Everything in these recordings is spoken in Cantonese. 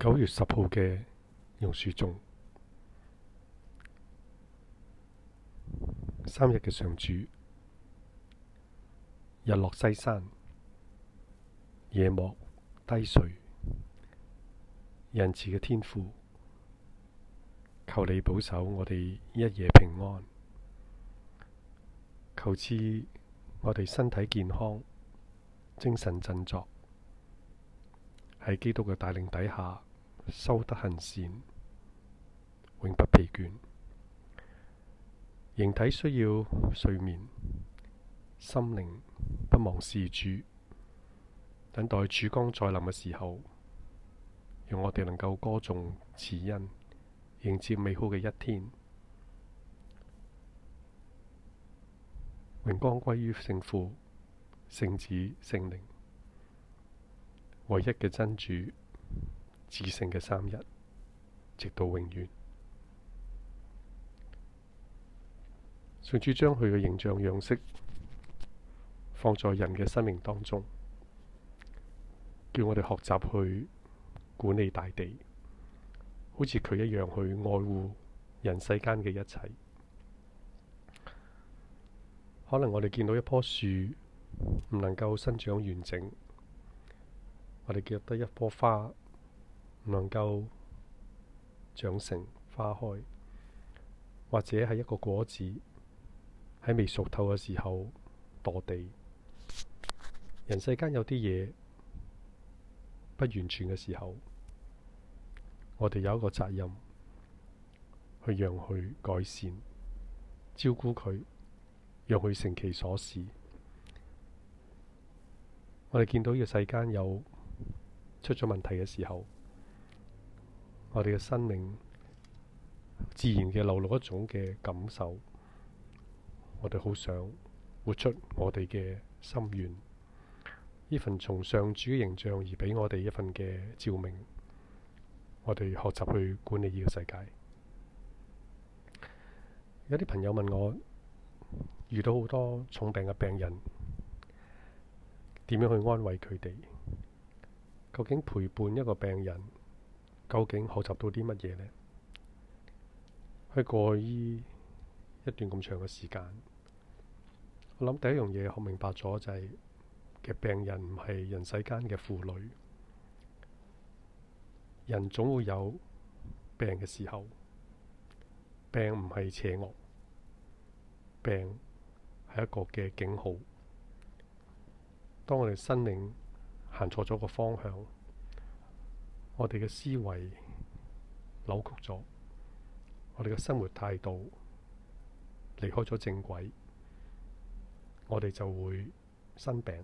九月十號嘅榕樹中，三日嘅上主，日落西山，夜幕低垂，仁慈嘅天父，求你保守我哋一夜平安，求賜我哋身體健康，精神振作，喺基督嘅帶領底下。修德行善，永不疲倦。形體需要睡眠，心靈不忘事主。等待曙光再臨嘅時候，讓我哋能夠歌頌此恩，迎接美好嘅一天。榮光歸於聖父、聖子、聖靈，唯一嘅真主。至聖嘅三日，直到永遠。神主將佢嘅形象、樣式放在人嘅生命當中，叫我哋學習去管理大地，好似佢一樣去愛護人世間嘅一切。可能我哋見到一棵樹唔能夠生長完整，我哋見到一棵花。能夠長成花開，或者係一個果子喺未熟透嘅時候墮地。人世間有啲嘢不完全嘅時候，我哋有一個責任去讓佢改善、照顧佢，讓佢成其所是。我哋見到呢個世間有出咗問題嘅時候。我哋嘅生命自然嘅流露一種嘅感受，我哋好想活出我哋嘅心願。呢份從上主嘅形象而俾我哋一份嘅照明，我哋學習去管理呢個世界。有啲朋友問我，遇到好多重病嘅病人，點樣去安慰佢哋？究竟陪伴一個病人？究竟學習到啲乜嘢呢？喺過去一段咁長嘅時間，我諗第一樣嘢學明白咗就係、是、嘅病人唔係人世間嘅婦女，人總會有病嘅時候，病唔係邪惡，病係一個嘅警號。當我哋身命行錯咗個方向。我哋嘅思維扭曲咗，我哋嘅生活態度離開咗正軌，我哋就會生病。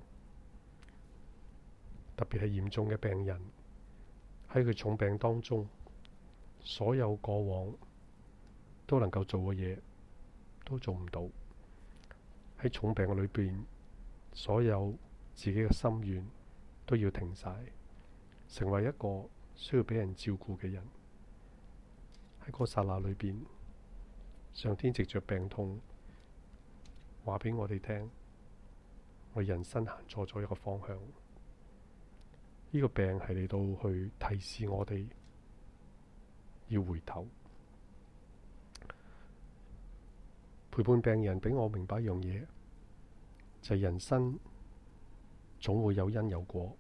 特別係嚴重嘅病人喺佢重病當中，所有過往都能夠做嘅嘢都做唔到。喺重病嘅裏邊，所有自己嘅心願都要停晒，成為一個。需要俾人照顧嘅人，喺嗰剎那裏邊，上天藉著病痛話俾我哋聽，我人生行錯咗一個方向。呢個病係嚟到去提示我哋要回頭。陪伴病人俾我明白一樣嘢，就係人生總會有因有果。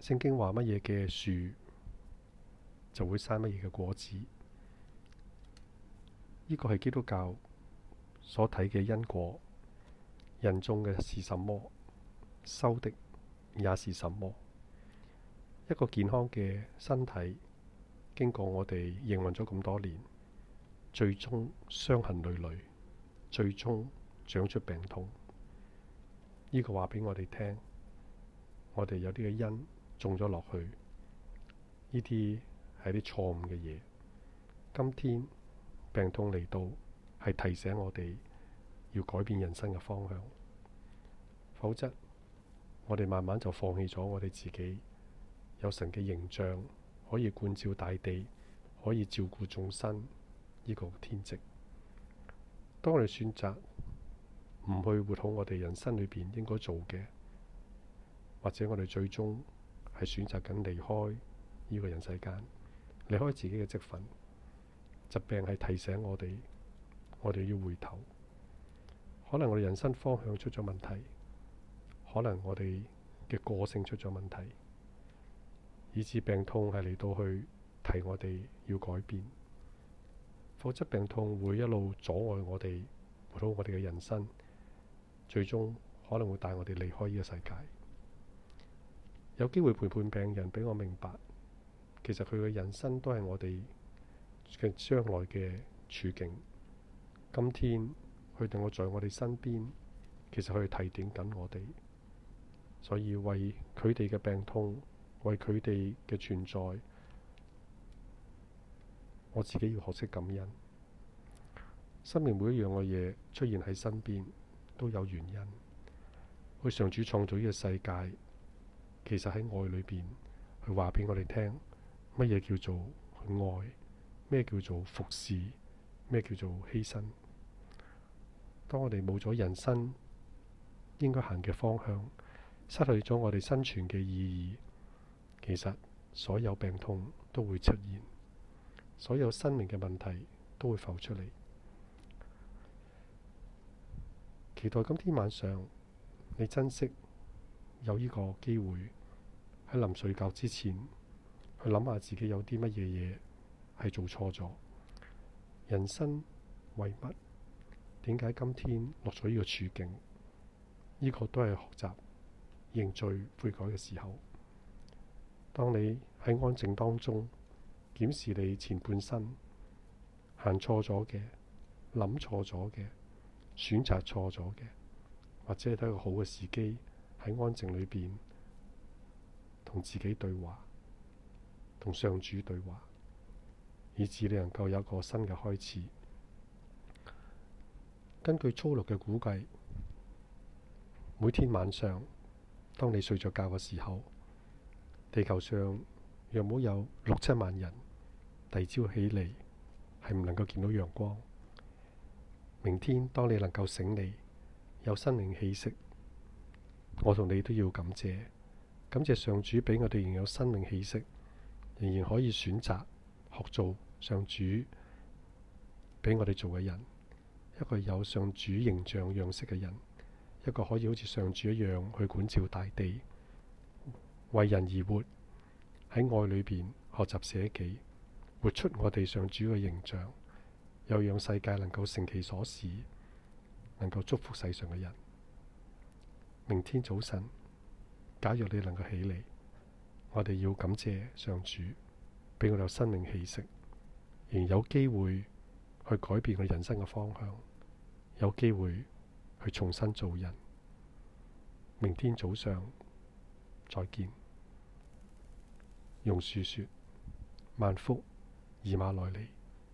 聖經話乜嘢嘅樹就會生乜嘢嘅果子，呢個係基督教所睇嘅因果。人種嘅是什麼，收的也是什麼。一個健康嘅身體，經過我哋營運咗咁多年，最終傷痕累累，最終長出病痛。呢個話俾我哋聽，我哋有啲嘅因。種咗落去，呢啲係啲錯誤嘅嘢。今天病痛嚟到，係提醒我哋要改變人生嘅方向，否則我哋慢慢就放棄咗我哋自己有神嘅形象，可以灌照大地，可以照顧眾生呢個天職。當我哋選擇唔去活好我哋人生裏邊應該做嘅，或者我哋最終。係選擇緊離開呢個人世間，離開自己嘅職份。疾病係提醒我哋，我哋要回頭。可能我哋人生方向出咗問題，可能我哋嘅個性出咗問題，以致病痛係嚟到去提我哋要改變。否則病痛會一路阻礙我哋，普到我哋嘅人生，最終可能會帶我哋離開呢個世界。有機會陪伴病人，俾我明白，其實佢嘅人生都係我哋嘅將來嘅處境。今天佢哋我在我哋身邊，其實佢哋提點緊我哋。所以為佢哋嘅病痛，為佢哋嘅存在，我自己要學識感恩。生命每一樣嘅嘢出現喺身邊，都有原因。佢上主創造呢個世界。其實喺愛裏邊，佢話俾我哋聽乜嘢叫做愛，咩叫做服侍，咩叫做犧牲。當我哋冇咗人生應該行嘅方向，失去咗我哋生存嘅意義，其實所有病痛都會出現，所有生命嘅問題都會浮出嚟。期待今天晚上，你珍惜有呢個機會。喺臨睡覺之前，去諗下自己有啲乜嘢嘢係做錯咗。人生為乜？點解今天落咗呢個處境？呢個都係學習認罪悔改嘅時候。當你喺安靜當中檢視你前半生行錯咗嘅、諗錯咗嘅、選擇錯咗嘅，或者係一個好嘅時機喺安靜裏邊。同自己對話，同上主對話，以至你能夠有一個新嘅開始。根據粗略嘅估計，每天晚上，當你睡著覺嘅時候，地球上若冇有六七萬人，第朝起嚟係唔能夠見到陽光。明天當你能夠醒嚟，有新靈氣息，我同你都要感謝。感謝上主俾我哋仍有生命氣息，仍然可以選擇學做上主俾我哋做嘅人，一個有上主形象樣式嘅人，一個可以好似上主一樣去管照大地，為人而活，喺愛裏邊學習捨己，活出我哋上主嘅形象，又讓世界能夠成其所是，能夠祝福世上嘅人。明天早晨。假如你能夠起嚟，我哋要感謝上主，俾我有生命氣息，而有機會去改變我人生嘅方向，有機會去重新做人。明天早上再見。用樹説：萬福，以馬內利。